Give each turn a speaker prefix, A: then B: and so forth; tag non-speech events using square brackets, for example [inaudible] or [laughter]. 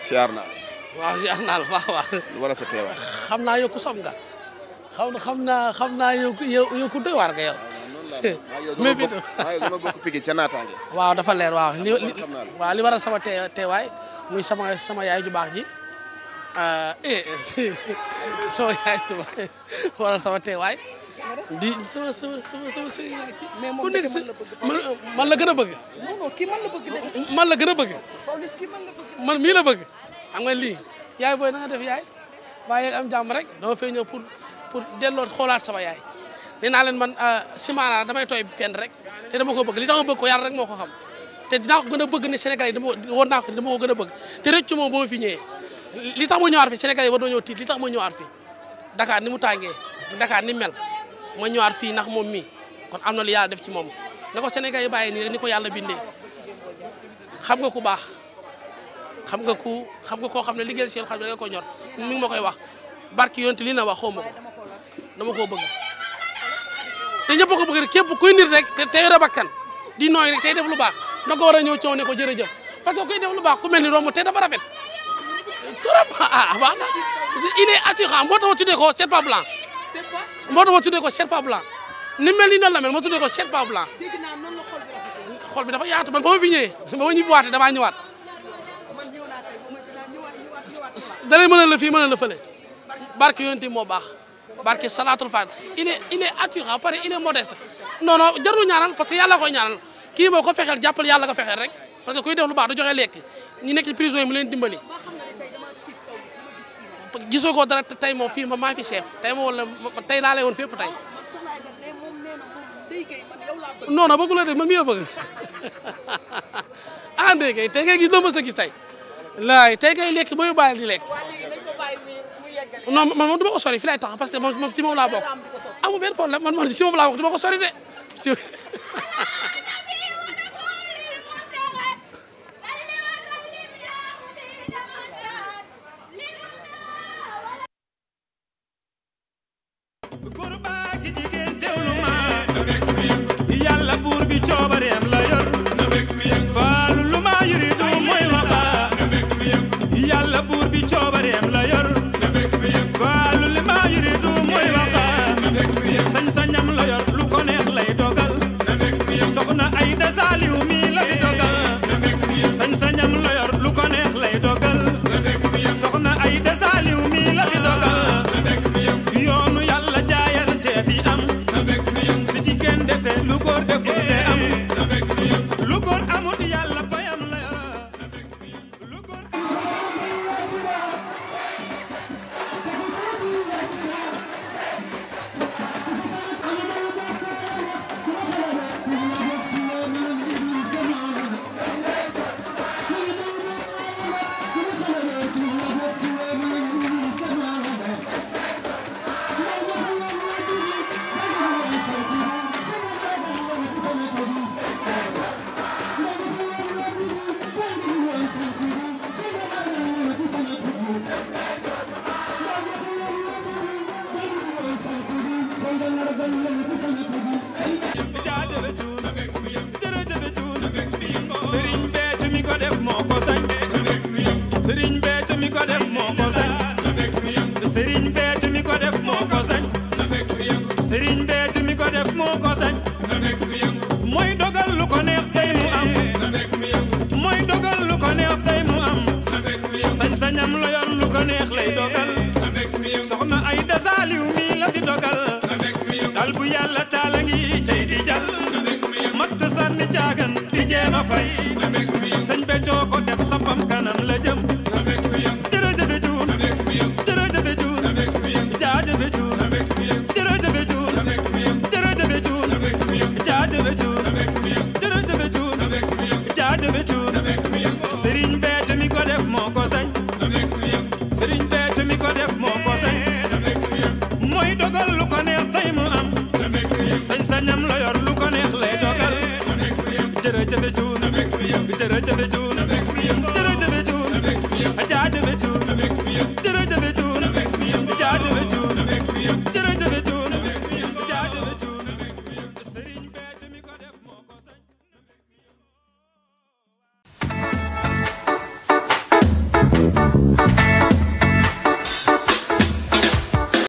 A: siyaar naa waaw siyaar naa la waaw waaw. lu a sa teewaay. xam naa yow ku nga xam xam naa xam naa yow yow waar nga yow. Ah, mais bi waaw waaw dafa leer waaw li li waaw waral sama teewaay muy sama yaay ju baax ji. Ah, eh, eh, [laughs] sama yaay ju baax waral sama teewaay. di sama sama sama sama sëriñ la kii. mais man la gën a bëgg. non non kii man la bëgg de. man la gën a bëgg. Pawlish kii man la bëgg. man mii la bëgg. xam nga lii yaay booy na nga def yaay waaye am jàmm rek dama fay pour pour delloo xoolaat sama yaay nee naa leen man ah, simaana damay tooy fenn rek te dama ko bëgg li tax ma bëgg ko yàlla rek moo ko xam te dinaa ko gën bëgg ne Sénégal yi dama woon naa ko dama ko gën bëgg te rëccu moom boo fi ñëwee li tax ma ñëwaat fi Sénégal yi war na ñëw tiit li tax ma ñëwaat fi Dakar ni mu tàngee Dakar ni ma ñëwaat fii ndax moom mi kon am na lu yàlla def ci moom na ko Sénégal yi bàyyi nii rek ko yàlla bindee xam nga ku baax xam nga ku xam nga koo xam ne liggéeyal seen xam da nga ko ñor mi ma koy wax barki yonent lii wax xaw ma dama koo bëgg te ñëpp képp kuy nit rek te bakkan di nooy rek tey def lu baax da nga war a ñëw coow ne ko jërëjëf parce que kuy def lu baax ku mel ni romb te dafa rafet trop [laughs] ah ah waaw il est attirant boo tax tuddee ko c'est pas blanc. moo tax ma tuddee ko Sherpa blanc ni mel ni noonu la mel ma tuddee ko Sherpa blanc xol bi dafa yaatu man ba ma fi ñëwee ba ma ñibbiwaatee damaa ñëwaat danay mënal la fii mënal la fële barke yonent moo baax barke salaatul faat il est il est attirant pare il est modeste non non jarul ñaanal parce que yàlla koy ñaanal kii moo ko fexeel jàppal yàlla ko fexeel rek parce que kuy def lu baax du joxe lekk ñu nekk ci prison yi mu leen dimbali gisoo ko dara tey moom fii ma maa fi chef tey ma wala tey laa lay woon fépp tey. non non bëggu la de man mii la bëgg [laughs] ah ndey kay tey ngay gis doo mës a gis tey laay tey kay lekk booy bàyyi di lekk. non man moom du ma ko sori fi lay tax parce que moom ci moom laa bokk. amul benn problème man man ci moom laa bokk du ma ko sori de.
B: góor baa jigéen teewlu ma na bekk buur bi coobareem la yor na bekk bi faalu lu ma yuridu mooy waxa na wuti yàlla soxna ay dasaaliw mi la fi dogal dal bu yàlla taala ma di jal matt sànni caagan di jéem a fay sëñ be joo ko def sampam kanam la jëm jërëjëfe cuun jërëjëfe cuun jaajëfe cuun jërëjëfe cuun jërëjëfe cuun jaajëfe sëriñ beete mi ko def moo ko sañ mooy dogal lu ko neex tey jërëjëf jërëjëf